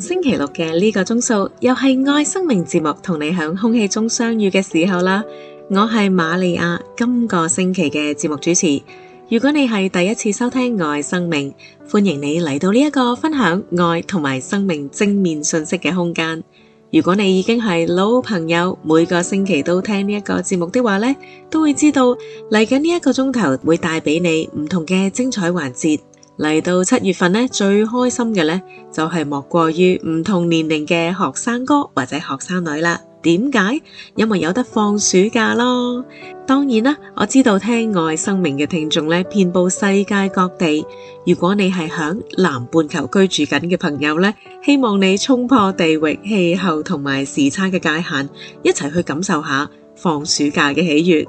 星期六嘅呢個鐘數，又係愛生命節目同你響空氣中相遇嘅時候啦。我係瑪利亞，今個星期嘅節目主持。如果你係第一次收聽愛生命，歡迎你嚟到呢一個分享愛同埋生命正面信息嘅空間。如果你已經係老朋友，每個星期都聽呢一個節目的話咧，都會知道嚟緊呢一個鐘頭會帶俾你唔同嘅精彩環節。嚟到七月份呢，最開心嘅呢，就係莫過於唔同年齡嘅學生哥或者學生女啦。點解？因為有得放暑假咯。當然啦，我知道聽愛生命嘅聽眾呢，遍布世界各地。如果你係響南半球居住緊嘅朋友呢，希望你沖破地域、氣候同埋時差嘅界限，一齊去感受下放暑假嘅喜悅。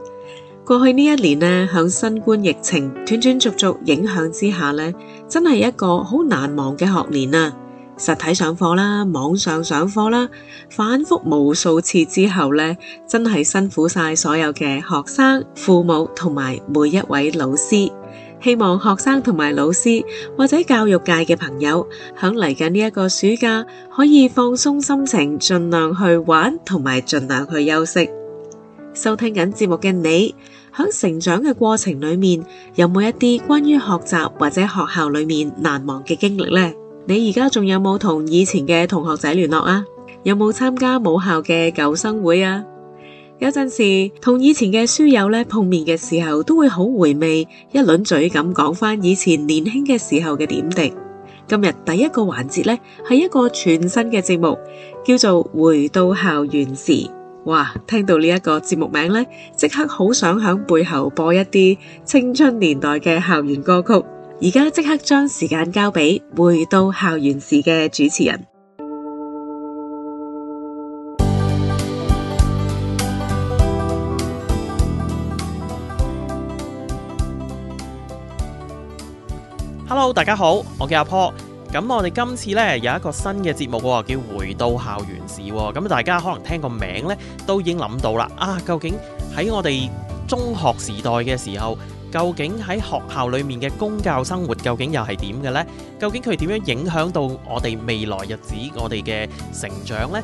過去呢一年咧，響新冠疫情斷斷續續影響之下咧，真係一個好難忘嘅學年啊！實體上課啦，網上上課啦，反復無數次之後咧，真係辛苦晒所有嘅學生、父母同埋每一位老師。希望學生同埋老師或者教育界嘅朋友，響嚟緊呢一個暑假可以放鬆心情，盡量去玩同埋盡量去休息。收聽緊節目嘅你。喺成長嘅過程裏面，有冇一啲關於學習或者學校裏面難忘嘅經歷呢？你而家仲有冇同以前嘅同學仔聯絡啊？有冇參加母校嘅舊生會啊？有陣時同以前嘅書友呢，碰面嘅時候，都會好回味，一輪嘴咁講翻以前年輕嘅時候嘅點滴。今日第一個環節呢，係一個全新嘅節目，叫做《回到校園時》。哇！聽到呢一個節目名咧，即刻好想響背後播一啲青春年代嘅校園歌曲。而家即刻將時間交俾《回到校園時》嘅主持人。Hello，大家好，我叫阿波。咁我哋今次呢，有一個新嘅節目喎，叫《回到校園時》哦，咁大家可能聽個名呢，都已經諗到啦。啊，究竟喺我哋中學時代嘅時候，究竟喺學校裏面嘅公教生活究竟又係點嘅呢？究竟佢點樣影響到我哋未來日子，我哋嘅成長呢？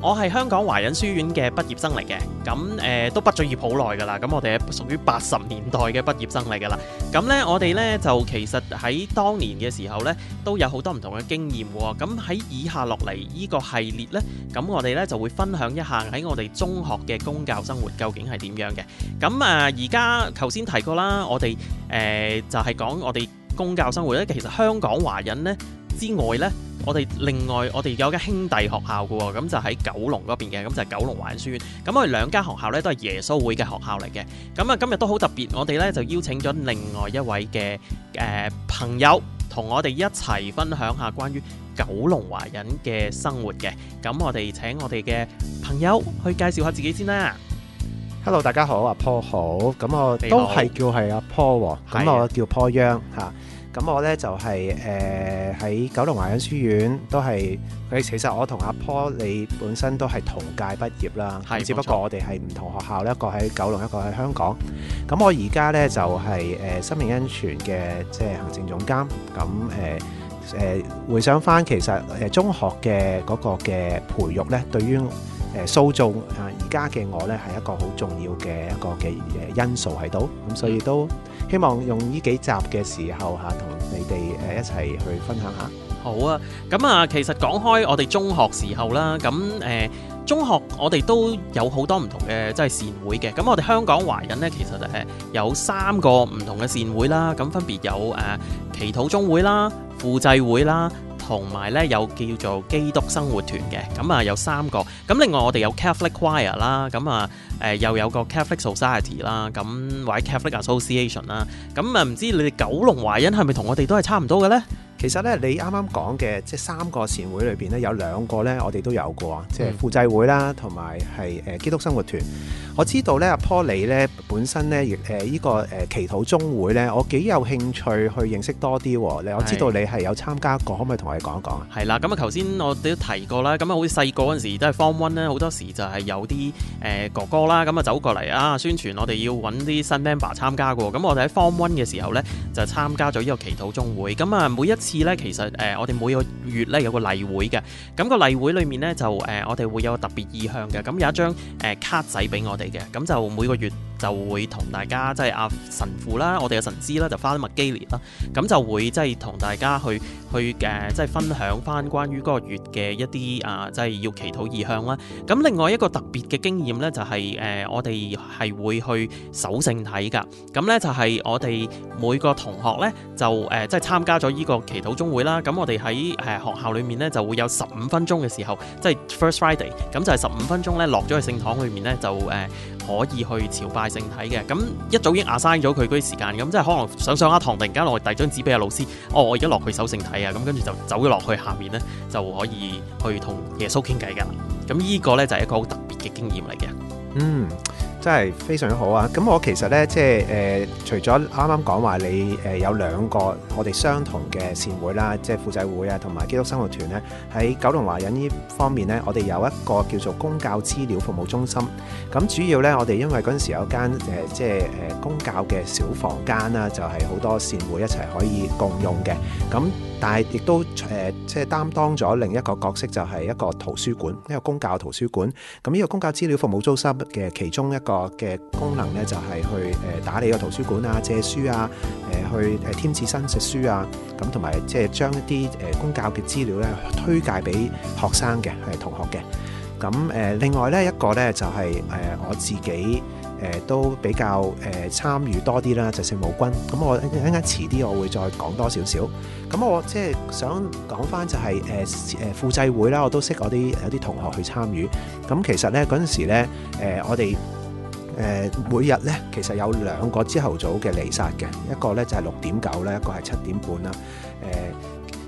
我係香港華仁書院嘅畢業生嚟嘅，咁誒、呃、都畢咗業好耐噶啦，咁我哋係屬於八十年代嘅畢業生嚟噶啦，咁呢，我哋呢就其實喺當年嘅時候呢都有好多唔同嘅經驗喎，咁喺以下落嚟呢個系列呢，咁我哋呢就會分享一下喺我哋中學嘅公教生活究竟係點樣嘅，咁啊而家頭先提過啦，我哋誒、呃、就係講我哋公教生活咧，其實香港華仁呢，之外咧，我哋另外我哋有間兄弟學校噶，咁就喺九龍嗰邊嘅，咁就九龍華仁書院。咁我哋兩間學校咧都係耶穌會嘅學校嚟嘅。咁啊，今日都好特別，我哋咧就邀請咗另外一位嘅誒朋友，同我哋一齊分享下關於九龍華人嘅生活嘅。咁我哋請我哋嘅朋友去介紹下自己先啦。Hello，大家好，阿 Paul 好，咁我都係叫係阿 Paul，咁我叫 Paul Young 吓。咁我咧就係誒喺九龍華仁書院都係，誒其實我同阿坡你本身都係同屆畢業啦，只不過我哋係唔同學校咧，一個喺九龍，一個喺香港。咁我而家咧就係誒生命恩泉嘅即係行政總監。咁誒誒回想返其實誒中學嘅嗰個嘅培育咧，對於誒塑造啊而家嘅我咧係一個好重要嘅一個嘅因素喺度，咁所以都。希望用呢幾集嘅時候嚇，同你哋誒一齊去分享下。好啊，咁啊，其實講開我哋中學時候啦，咁誒、呃、中學我哋都有好多唔同嘅即係善會嘅。咁我哋香港華人呢，其實誒有三個唔同嘅善會啦，咁分別有誒、呃、祈禱宗會啦、副祭會啦。同埋咧有叫做基督生活團嘅，咁啊有三個，咁另外我哋有 Catholic Choir 啦，咁啊誒又有個 Catholic Society 啦，咁或者 Catholic Association 啦，咁啊唔知你哋九龍華人係咪同我哋都係差唔多嘅呢？其實咧，你啱啱講嘅即係三個善會裏邊咧，有兩個咧，我哋都有過，即係副祭會啦，同埋係誒基督生活團。我知道咧，阿 Pauly 咧本身咧，亦誒依個祈禱宗會咧，我幾有興趣去認識多啲。我我知道你係有參加過，的可唔可以同我哋講一講啊？係啦，咁啊，頭先我哋都提過啦。咁啊，好似細個嗰陣時都係 Form One 咧，好多時就係有啲誒、呃、哥哥啦，咁啊走過嚟啊宣傳我哋要揾啲新 member 參加嘅。咁我哋喺 Form One 嘅時候咧，就參加咗呢個祈禱宗會。咁啊，每一次。咧其實誒、呃，我哋每個月咧有個例會嘅，咁、那個例會裏面咧就誒、呃，我哋會有個特別意向嘅，咁有一張誒、呃、卡仔俾我哋嘅，咁就每個月就會同大家即係阿神父啦、我哋嘅神父啦，就翻麥基列啦，咁就會即係同大家去去誒，即係分享翻關於嗰個月嘅一啲啊，即係要祈禱意向啦。咁另外一個特別嘅經驗咧，就係、是、誒、呃，我哋係會去守聖體噶。咁咧就係我哋每個同學咧就誒、呃，即係參加咗依、這個。祈禱中會啦，咁我哋喺誒學校裏面呢，就會有十五分鐘嘅時候，即係 First Friday，咁就係十五分鐘呢，落咗去聖堂裏面呢，就誒可以去朝拜聖體嘅，咁一早已經 assign 咗佢嗰啲時間，咁即係可能上上一堂突然間我遞張紙俾阿老師，哦我而家落去守聖體啊，咁跟住就走咗落去下面呢，就可以去同耶穌傾偈噶啦，咁呢個呢，就係一個好特別嘅經驗嚟嘅，嗯。真係非常好啊！咁我其實呢，即係誒、呃，除咗啱啱講話你誒、呃、有兩個我哋相同嘅善會啦，即係婦濟會啊，同埋基督生活團呢。喺九龍華人呢方面呢，我哋有一個叫做公教資料服務中心。咁主要呢，我哋因為嗰陣時有間誒，即係誒、呃、公教嘅小房間啦，就係、是、好多善會一齊可以共用嘅咁。但係亦都誒，即係擔當咗另一個角色，就係一個圖書館，一個公教圖書館。咁呢個公教資料服務中心嘅其中一個嘅功能呢，就係去誒打理個圖書館啊，借書啊，誒去誒添置新食書啊。咁同埋即係將一啲誒公教嘅資料呢推介俾學生嘅係同學嘅。咁誒，另外呢一個呢就係誒我自己。誒、呃、都比較誒、呃、參與多啲啦，就係聖母軍。咁我一陣間遲啲，我會再講多少少。咁我即係想講翻就係誒誒輔祭會啦，我都識我啲有啲同學去參與。咁其實呢，嗰陣時呢、呃，我哋誒、呃、每日呢，其實有兩個朝頭早嘅彌撒嘅，一個呢就係六點九咧，一個係七點半啦，誒。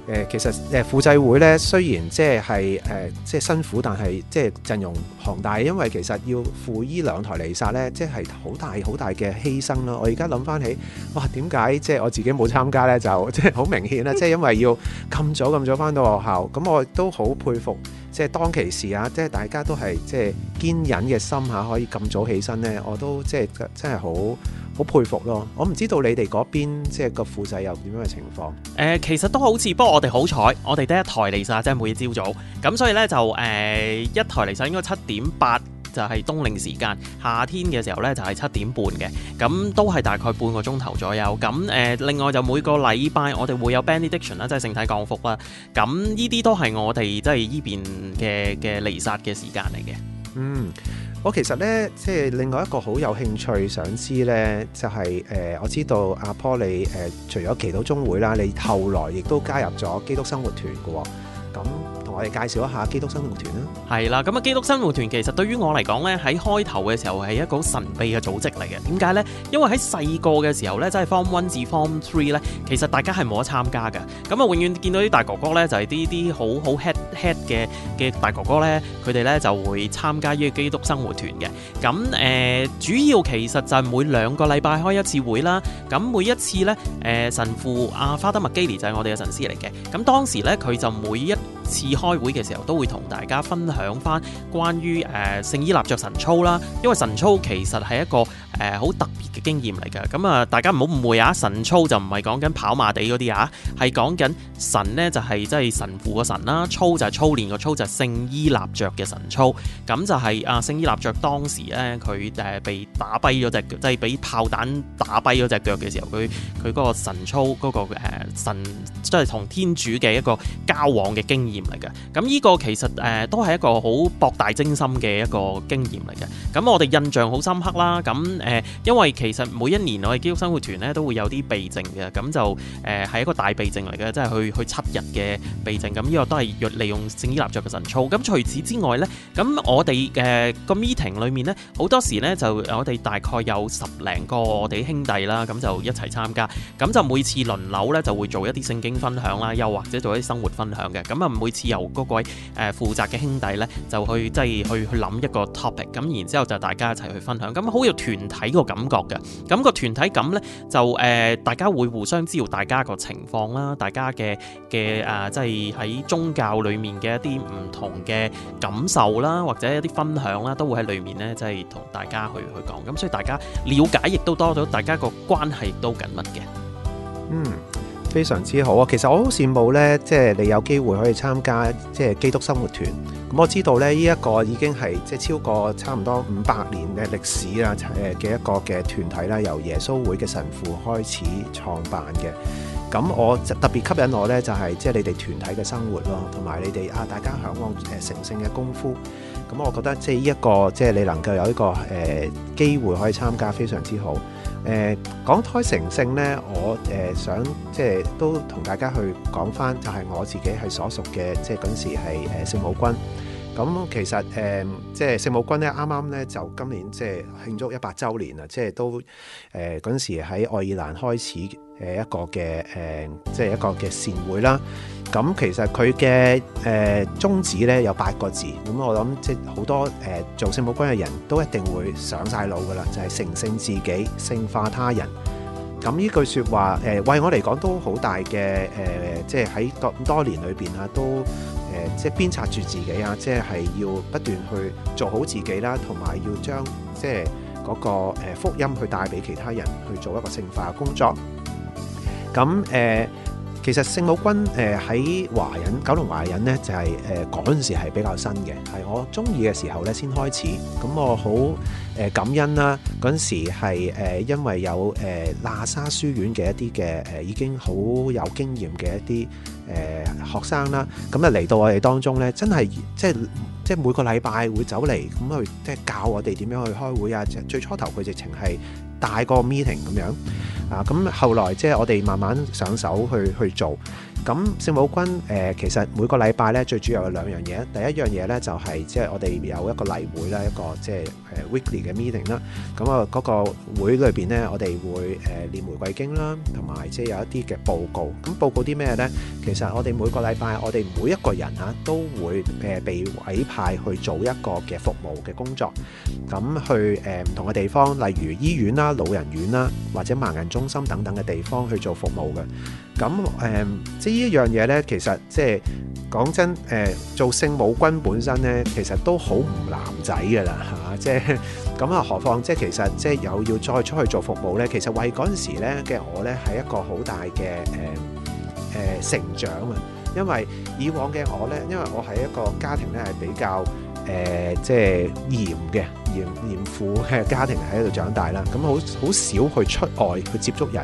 誒、呃、其實誒輔、呃、祭會咧，雖然即係誒即係辛苦，但係即係陣容龐大，因為其實要負依兩台彌撒咧，即係好大好大嘅犧牲啦。我而家諗翻起，哇點解即係我自己冇參加咧？就即係好明顯啦，即、就、係、是、因為要咁早咁 早翻到學校。咁我都好佩服，即、就、係、是、當其時啊，即、就、係、是、大家都係即係堅忍嘅心嚇，可以咁早起身咧。我都即、就、係、是、真係好。好佩服咯！我唔知道你哋嗰邊即係個副洗又點樣嘅情況。誒、呃，其實都好似，不過我哋好彩，我哋得一台彌撒，即係每日朝早。咁所以呢，就誒、呃、一台彌撒，應該七點八，就係冬令時間，夏天嘅時候呢，就係、是、七點半嘅。咁都係大概半個鐘頭左右。咁誒、呃，另外就每個禮拜我哋會有 Benediction 啦，即係聖體降福啦。咁呢啲都係我哋即係依邊嘅嘅彌撒嘅時間嚟嘅。嗯。我其實咧，即係另外一個好有興趣想知咧，就係、是、誒、呃，我知道阿 Paul 你誒、呃，除咗祈禱宗會啦，你後來亦都加入咗基督生活團嘅喎，咁。我哋介紹一下基督生活團啦，係啦，咁啊，基督生活團其實對於我嚟講咧，喺開頭嘅時候係一個神秘嘅組織嚟嘅。點解咧？因為喺細個嘅時候咧，即係 Form One 至 Form Three 咧，其實大家係冇得參加嘅。咁啊，永遠見到啲大哥哥咧，就係啲啲好好 head head 嘅嘅大哥哥咧，佢哋咧就會參加呢個基督生活團嘅。咁誒主要其實就係每兩個禮拜開一次會啦。咁每一次咧，誒神父阿花德麥基尼就係我哋嘅神師嚟嘅。咁當時咧，佢就每一次開。開會嘅時候都會同大家分享翻，關於誒聖伊納爵神操啦，因為神操其實係一個誒好，呃、特別嘅經驗嚟嘅。咁、嗯、啊，大家唔好誤會啊，神操就唔係講緊跑馬地嗰啲啊，係講緊神呢，就係即係神父個神啦，啊，操就係操練個操，就係聖伊納爵嘅神操。咁就係啊聖伊納爵當時呢，佢誒被打跛咗隻腳，即係俾炮彈打跛咗隻腳嘅時候，佢佢嗰個神操嗰，嗰個誒、呃、神，即係同天主嘅一個交往嘅經驗嚟嘅。咁呢個其實誒、呃、都係一個好博大精深嘅一個經驗嚟嘅。咁我哋印象好深刻啦。咁誒、呃，因為其實每一年我哋基督生活團呢，都會有啲避靜嘅，咁就誒、是、係、呃、一個大避靜嚟嘅，即係去去七日嘅避靜。咁呢個都係若利用聖依納爵嘅神操。咁除此之外呢，咁我哋嘅個 meeting 裏面呢，好多時呢，就我哋大概有十零個我哋兄弟啦，咁就一齊參加。咁就每次輪流呢，就會做一啲聖經分享啦，又或者做一啲生活分享嘅。咁啊每次由各位誒、呃、負責嘅兄弟呢，就去即係去去諗一個 topic，咁然之後就大家一齊去分享，咁好有團體個感覺嘅。咁個團體感呢，就誒、呃、大家會互相知道大家個情況啦，大家嘅嘅誒即係喺宗教裡面嘅一啲唔同嘅感受啦，或者一啲分享啦，都會喺裡面呢，即係同大家去去講。咁所以大家了解亦都多咗，大家個關係都緊密嘅。嗯。非常之好啊！其實我好羨慕呢，即係你有機會可以參加即係基督生活團。咁我知道呢，呢一個已經係即係超過差唔多五百年嘅歷史啦，誒嘅一個嘅團體啦，由耶穌會嘅神父開始創辦嘅。咁我特別吸引我呢，就係即係你哋團體嘅生活咯，同埋你哋啊，大家嚮往誒成聖嘅功夫。咁我覺得即係呢一個即係你能夠有呢個誒機會可以參加，非常之好。誒講胎成性咧，我誒想即係都同大家去講返，講講就係我自己係所屬嘅，即係嗰陣時係誒聖母軍。咁其實誒，即係聖母軍咧，啱啱咧就今年即係慶祝一百週年啦，即係都誒嗰陣時喺愛爾蘭開始誒一個嘅誒，即係一個嘅善會啦。咁其實佢嘅誒宗旨咧有八個字，咁我諗即係好多誒做聖母軍嘅人都一定會想晒腦噶啦，就係成聖自己，聖化他人。咁呢句説話誒，為我嚟講都好大嘅誒，即係喺咁多年裏邊啊都。即係鞭策住自己啊！即係要不斷去做好自己啦，同埋要將即係嗰、那個福音去帶俾其他人去做一個聖化嘅工作。咁誒、呃，其實聖母軍誒喺、呃、華人、九龍華人呢，就係誒嗰陣時係比較新嘅，係我中意嘅時候呢，先開始。咁我好誒、呃、感恩啦，嗰陣時係、呃、因為有誒、呃、喇沙書院嘅一啲嘅誒已經好有經驗嘅一啲。誒學生啦，咁啊嚟到我哋當中呢，真係即係即係每個禮拜會走嚟咁去，即係教我哋點樣去開會啊！即係最初頭佢直情係大個 meeting 咁樣啊，咁後來即係我哋慢慢上手去去做。咁聖母軍誒，其實每個禮拜咧，最主要有兩樣嘢。第一樣嘢咧，就係即係我哋有一個例會啦，一個即係誒 weekly 嘅 meeting 啦。咁啊，嗰個會裏邊咧，我哋會誒唸玫瑰經啦，同埋即係有一啲嘅報告。咁報告啲咩咧？其實我哋每個禮拜，我哋每一個人嚇都會誒被委派去做一個嘅服務嘅工作，咁去誒唔同嘅地方，例如醫院啦、老人院啦，或者盲人中心等等嘅地方去做服務嘅。咁誒，即呢一樣嘢呢，其實即係講真，誒做聖母軍本身呢，其實都好唔男仔噶啦，嚇、啊！即咁啊，何況即其實即又要再出去做服務呢？其實為嗰陣時呢嘅我呢，係一個好大嘅誒、呃、成長啊！因為以往嘅我呢，因為我喺一個家庭呢，係比較。誒、呃，即係嚴嘅嚴嚴父嘅家庭喺度長大啦，咁好好少去出外去接觸人，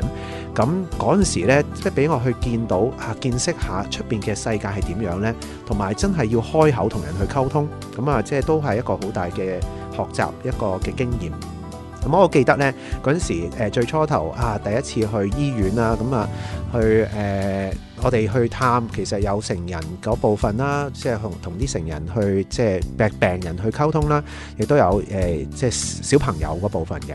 咁嗰陣時咧，即係俾我去見到啊，見識下出邊嘅世界係點樣呢？同埋真係要開口同人去溝通，咁啊，即係都係一個好大嘅學習一個嘅經驗。咁我記得呢，嗰陣時、呃、最初頭啊第一次去醫院啊，咁啊去誒。呃我哋去探，其實有成人嗰部分啦，即係同同啲成人去，即係病人去溝通啦，亦都有誒、呃，即係小朋友嗰部分嘅。誒、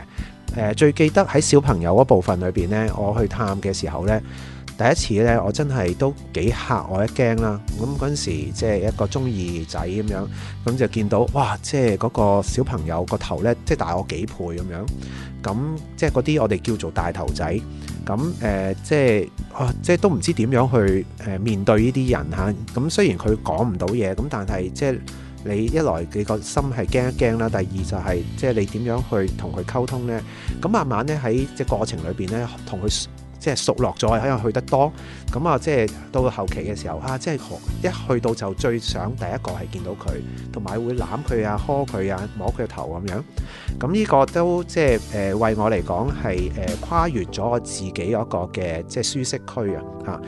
呃、最記得喺小朋友嗰部分裏邊呢，我去探嘅時候呢，第一次呢，我真係都幾嚇，我一驚啦。咁嗰陣時即係一個中二仔咁樣，咁就見到哇，即係嗰個小朋友個頭呢，即係大我幾倍咁樣。咁即係嗰啲我哋叫做大頭仔，咁誒、呃、即係、啊、即係都唔知點樣去誒、呃、面對呢啲人嚇。咁、啊、雖然佢講唔到嘢，咁但係即係你一來你個心係驚一驚啦，第二就係、是、即係你點樣去同佢溝通呢？咁慢慢呢喺即係過程裏邊呢，同佢。即係熟落咗，可能去得多，咁、嗯、啊，即係到後期嘅時候啊，即係學一去到就最想第一個係見到佢，同埋會攬佢啊、呵佢啊、摸佢頭咁樣，咁、嗯、呢、這個都即係誒、呃、為我嚟講係誒跨越咗我自己嗰個嘅即係舒適區啊嚇，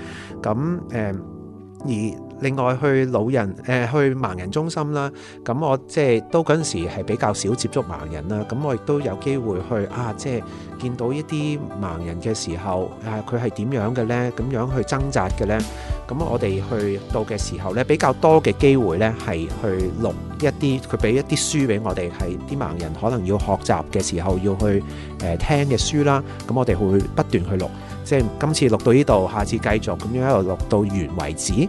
咁、啊、誒、嗯、而。另外去老人誒、呃、去盲人中心啦，咁我即係到嗰陣時係比較少接觸盲人啦，咁我亦都有機會去啊，即係見到一啲盲人嘅時候啊，佢係點樣嘅咧？咁樣去掙扎嘅咧？咁我哋去到嘅時候咧，比較多嘅機會咧係去錄一啲佢俾一啲書俾我哋，係啲盲人可能要學習嘅時候要去誒、呃、聽嘅書啦。咁我哋會不斷去錄，即係今次錄到呢度，下次繼續，咁樣一路錄到完為止。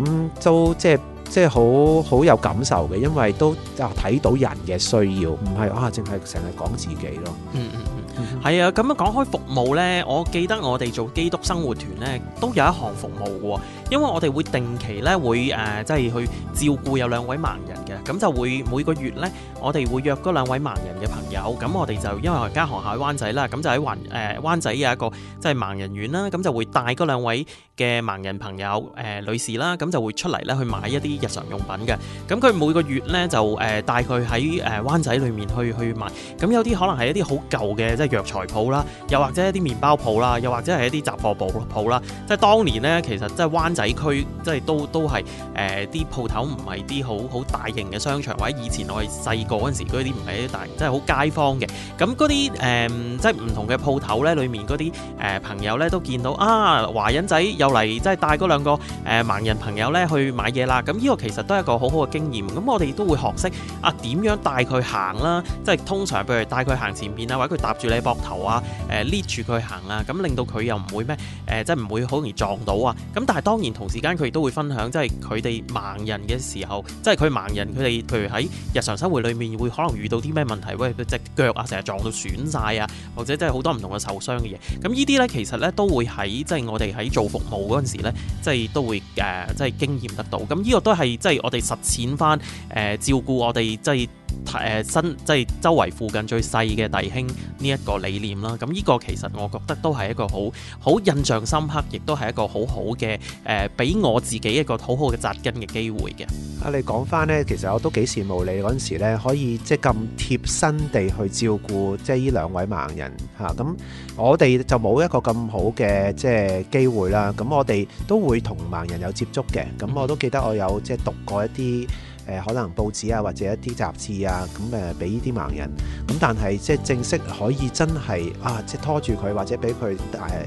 咁都即係即係好好有感受嘅，因為都啊睇到人嘅需要，唔係啊淨係成日講自己咯。嗯嗯嗯，係、嗯嗯嗯、啊，咁樣講開服務咧，我記得我哋做基督生活團咧，都有一項服務嘅、哦。因為我哋會定期咧會誒即係去照顧有兩位盲人嘅，咁就會每個月咧，我哋會約嗰兩位盲人嘅朋友，咁我哋就因為我間學校喺灣仔啦，咁就喺環誒灣仔有一個即係、就是、盲人院啦，咁就會帶嗰兩位嘅盲人朋友誒、呃、女士啦，咁就會出嚟咧去買一啲日常用品嘅，咁佢每個月咧就誒帶佢喺誒灣仔裏面去去買，咁有啲可能係一啲好舊嘅即係藥材鋪啦，又或者一啲麵包鋪啦，又或者係一啲雜貨鋪鋪啦，即係當年咧其實即係灣。仔區即係都都係誒啲鋪頭，唔係啲好好大型嘅商場，或者以前我哋細個嗰陣時嗰啲唔係啲大型，即係好街坊嘅。咁嗰啲誒即係唔同嘅鋪頭咧，裡面嗰啲誒朋友咧都見到啊，華人仔又嚟即係帶嗰兩個盲人朋友咧去買嘢啦。咁呢個其實都係一個好好嘅經驗。咁我哋都會學識啊點樣帶佢行啦，即係通常譬如帶佢行前邊啊，或者佢搭住你膊頭啊，誒捏住佢行啊，咁令到佢又唔會咩誒、呃，即係唔會好容易撞到啊。咁但係當然。同時間佢亦都會分享，即係佢哋盲人嘅時候，即係佢盲人，佢哋譬如喺日常生活裏面會可能遇到啲咩問題？喂，隻腳啊，成日撞到損晒啊，或者即係好多唔同嘅受傷嘅嘢。咁呢啲呢，其實呢都會喺即係我哋喺做服務嗰陣時呢，即係都會誒，即係經驗得到。咁呢個都係即係我哋實踐翻誒照顧我哋即係。就是誒即係周圍附近最細嘅弟兄呢一個理念啦，咁、這、呢個其實我覺得都係一個好好印象深刻，亦都係一個好好嘅誒，俾、呃、我自己一個好好嘅扎根嘅機會嘅。啊，你講翻呢，其實我都幾羨慕你嗰陣時呢，可以即係咁貼身地去照顧即係呢兩位盲人嚇。咁、啊、我哋就冇一個咁好嘅即係機會啦。咁我哋都會同盲人有接觸嘅。咁我都記得我有即係讀過一啲。誒、呃、可能報紙啊，或者一啲雜誌啊，咁誒俾依啲盲人咁、嗯，但係即係正式可以真係啊，即係拖住佢或者俾佢誒，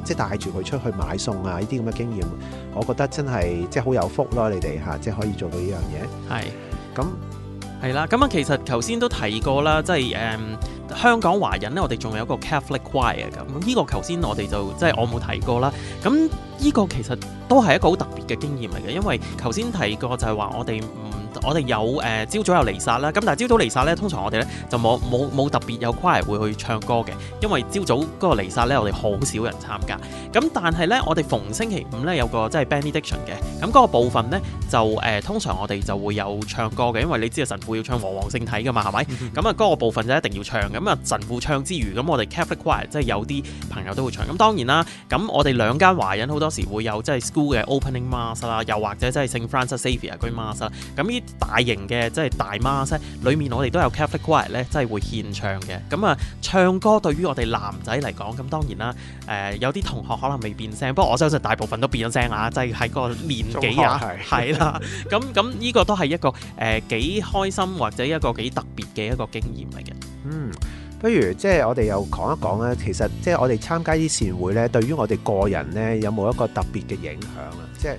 即係帶住佢出去買餸啊，呢啲咁嘅經驗，我覺得真係即係好有福咯。你哋吓、啊，即係可以做到呢樣嘢係咁係啦。咁、嗯、啊，其實頭先都提過啦，即係誒香港華人呢，我哋仲有一個 Catholic Choir 咁。呢個頭先我哋就即係我冇提過啦。咁呢個其實都係一個好特別嘅經驗嚟嘅，因為頭先提過就係話我哋唔。我哋有誒朝、呃、早有彌撒啦，咁但係朝早彌撒咧，通常我哋咧就冇冇冇特別有 choir 會去唱歌嘅，因為朝早嗰個彌撒咧，我哋好少人參加。咁但係咧，我哋逢星期五咧有個即係 Benediction 嘅，咁、嗯、嗰、那個部分咧就誒、呃、通常我哋就會有唱歌嘅，因為你知啊神父要唱《皇皇聖體》噶嘛，係咪？咁啊嗰個部分就一定要唱。咁、嗯、啊神父唱之餘，咁、嗯、我哋 Catholic choir 即係有啲朋友都會唱。咁、嗯、當然啦，咁、嗯、我哋兩間華人好多時會有即係 school 嘅 opening mass 啦，又或者即係聖 Francis Xavier 嗰啲 mass 啦。咁依大型嘅即係大媽，即係裏面我哋都有 Catholic Choir 咧，即係會獻唱嘅。咁啊，唱歌對於我哋男仔嚟講，咁當然啦。誒、呃，有啲同學可能未變聲，不過我相信大部分都變咗聲啊。即係喺個年紀學啊，係啦的。咁咁依個都係一個誒、呃、幾開心或者一個幾特別嘅一個經驗嚟嘅。嗯，不如即係、就是、我哋又講一講咧。其實即係、就是、我哋參加啲善會咧，對於我哋個人咧，有冇一個特別嘅影響啊？即係。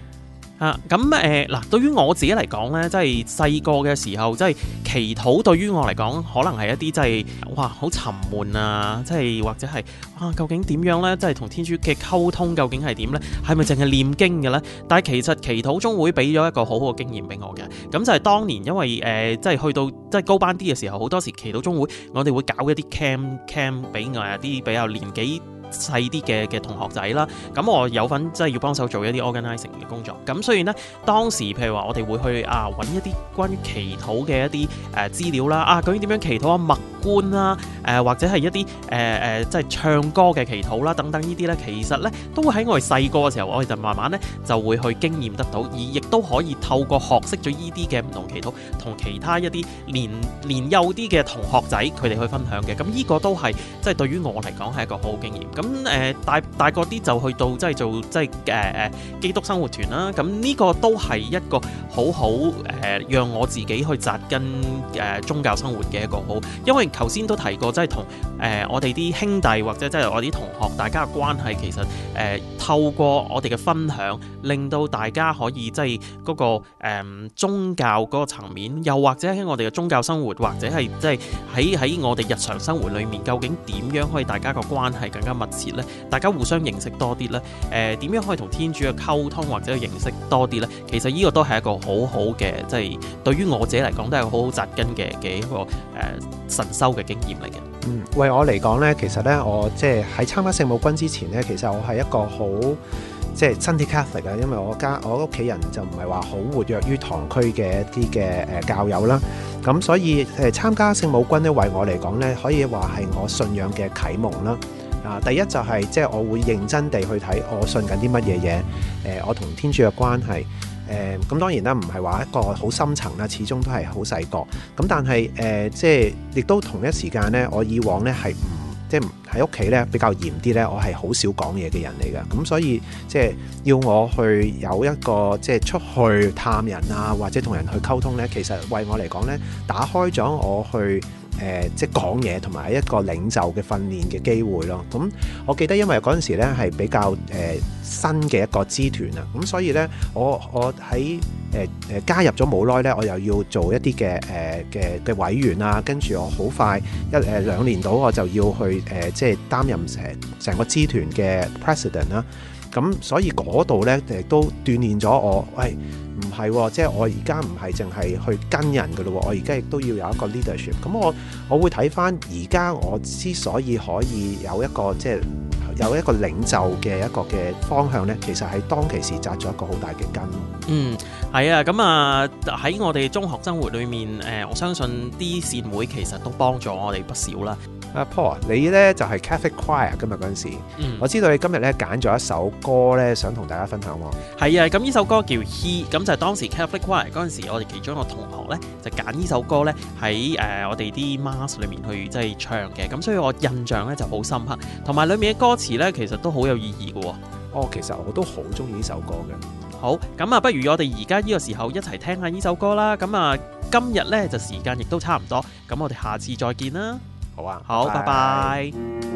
啊，咁誒嗱，對於我自己嚟講呢，即係細個嘅時候，即係祈禱對於我嚟講，可能係一啲真係哇，好沉悶啊，即係或者係哇，究竟點樣呢？即係同天主嘅溝通究竟係點呢？係咪淨係念經嘅呢？但係其實祈禱中會俾咗一個好好嘅經驗俾我嘅。咁就係當年因為誒，即係去到即係高班啲嘅時候，好多時祈禱中會，我哋會搞一啲 cam cam 俾我啲比較年紀細啲嘅嘅同學仔啦，咁我有份即係、就是、要幫手做一啲 organizing 嘅工作。咁雖然呢，當時譬如話我哋會去啊揾一啲關於祈禱嘅一啲誒資料啦，啊究竟點樣祈禱啊默觀啦，誒、啊、或者係一啲誒誒即係唱歌嘅祈禱啦等等呢啲呢，其實呢，都會喺我哋細個嘅時候，我哋就慢慢呢就會去經驗得到，而亦都可以透過學識咗呢啲嘅唔同祈禱，同其他一啲年年幼啲嘅同學仔佢哋去分享嘅。咁呢個都係即係對於我嚟講係一個好經驗。咁咁誒、嗯呃、大大個啲就去到即係做即係誒誒基督生活團啦，咁、啊、呢、這個都係一個好好誒、呃、讓我自己去扎根誒、呃、宗教生活嘅一個好，因為頭先都提過，即係同誒、呃、我哋啲兄弟或者即係我啲同學大家嘅關係，其實誒、呃、透過我哋嘅分享，令到大家可以即係、嗰個誒、呃、宗教個層面，又或者喺我哋嘅宗教生活，或者係即係喺喺我哋日常生活裏面，究竟點樣可以大家個關係更加密？咧，大家互相認識多啲咧。誒、呃，點樣可以同天主嘅溝通或者認識多啲咧，就是呃嗯？其實呢個都係一個好好嘅，即係對於我自己嚟講都係好好扎根嘅嘅一個誒神修嘅經驗嚟嘅。嗯，為我嚟講咧，其實咧，我即係喺參加聖母軍之前咧，其實我係一個好即係新啲 Catholic 啊，因為我家我屋企人就唔係話好活躍於堂區嘅一啲嘅誒教友啦。咁所以誒參、呃、加聖母軍咧，為我嚟講咧，可以話係我信仰嘅啟蒙啦。啊！第一就係、是、即係我會認真地去睇我信緊啲乜嘢嘢，誒、呃、我同天主嘅關係，誒、呃、咁當然啦，唔係話一個好深層啦，始終都係好細個。咁但係誒、呃、即係亦都同一時間呢，我以往呢係唔即係喺屋企呢比較嚴啲呢，我係好少講嘢嘅人嚟嘅。咁、嗯、所以即係要我去有一個即係出去探人啊，或者同人去溝通呢，其實為我嚟講呢，打開咗我去。誒、呃，即係講嘢同埋一個領袖嘅訓練嘅機會咯。咁、嗯、我記得因為嗰陣時呢係比較誒、呃、新嘅一個支團啊，咁、嗯、所以呢，我我喺誒誒加入咗冇耐呢，我又要做一啲嘅誒嘅嘅委員啊，跟住我好快一誒、呃、兩年到我就要去誒、呃、即係擔任成成個支團嘅 president 啦、嗯。咁、嗯、所以嗰度呢，亦都鍛鍊咗我。喂唔係、哦，即係我而家唔係淨係去跟人嘅咯，我而家亦都要有一個 leadership。咁我我會睇返而家我之所以可以有一個即係有一個領袖嘅一個嘅方向呢，其實係當其時紮咗一個好大嘅根。嗯，係啊，咁啊喺我哋中學生活裏面，誒、呃，我相信啲善會其實都幫助我哋不少啦。阿、uh, Paul，你呢就係、是、Catholic Choir 今日嗰陣時，嗯、我知道你今日呢揀咗一首歌呢，想同大家分享喎、哦。係啊，咁呢首歌叫《He》，咁就係當時 Catholic Choir 嗰陣時，我哋其中一個同學呢，就揀呢首歌呢喺誒、呃、我哋啲 Mass 裡面去即係、就是、唱嘅。咁所以我印象呢就好深刻，同埋裡面嘅歌詞呢，其實都好有意義嘅、哦。哦，其實我都好中意呢首歌嘅。好咁啊，不如我哋而家呢個時候一齊聽下呢首歌啦。咁啊，今日呢就時間亦都差唔多，咁我哋下次再見啦。好啊，好，拜拜。拜拜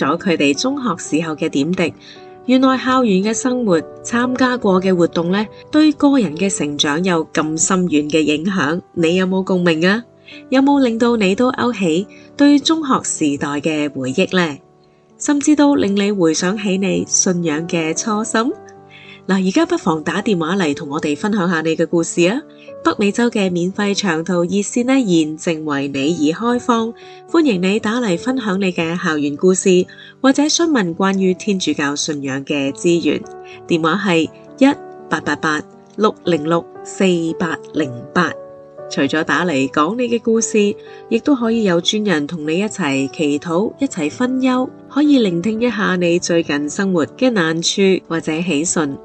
咗佢哋中學時候嘅點滴，原來校園嘅生活、參加過嘅活動呢，對個人嘅成長有咁深遠嘅影響。你有冇共鳴啊？有冇令到你都勾起對中學時代嘅回憶呢？甚至都令你回想起你信仰嘅初心。嗱，而家不妨打電話嚟，同我哋分享下你嘅故事啊！北美洲嘅免費長途熱線呢，現正為你而開放，歡迎你打嚟分享你嘅校園故事，或者詢問關於天主教信仰嘅資源。電話係一八八八六零六四八零八。除咗打嚟講你嘅故事，亦都可以有專人同你一齊祈禱，一齊分憂，可以聆聽一下你最近生活嘅難處或者喜訊。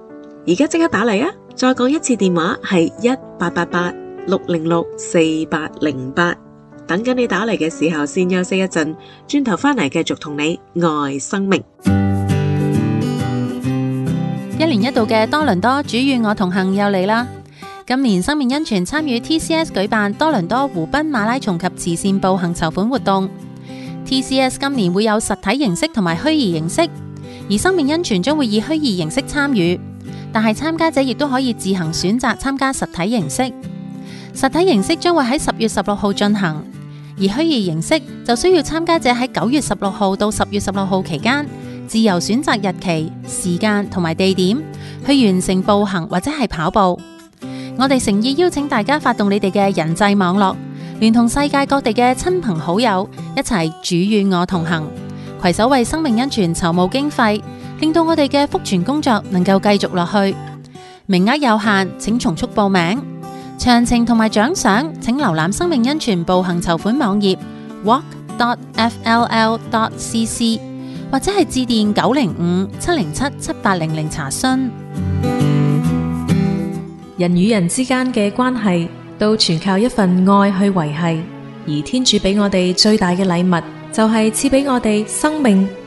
而家即刻打嚟啊！再講一次電話係一八八八六零六四八零八。8，等緊你打嚟嘅時候，先休息一陣，轉頭返嚟繼續同你愛生命。一年一度嘅多倫多主與我同行又嚟啦。今年生命恩泉參與 T C S 舉辦多倫多湖濱馬拉松及慈善步行籌款活動。T C S 今年會有實體形式同埋虛擬形式，而生命恩泉將會以虛擬形式參與。但係參加者亦都可以自行選擇參加實體形式，實體形式將會喺十月十六號進行，而虛擬形式就需要參加者喺九月十六號到十月十六號期間自由選擇日期、時間同埋地點去完成步行或者係跑步。我哋誠意邀請大家發動你哋嘅人際網絡，聯同世界各地嘅親朋好友一齊主與我同行，攜手為生命安全籌募經費。令到我哋嘅福傳工作能夠繼續落去，名額有限，請從速報名。詳情同埋獎賞，請瀏覽生命恩泉步行籌款網頁 walk.dot.fll.dot.cc，或者係致電九零五七零七七八零零查詢。人與人之間嘅關係，都全靠一份愛去維繫，而天主俾我哋最大嘅禮物，就係賜俾我哋生命。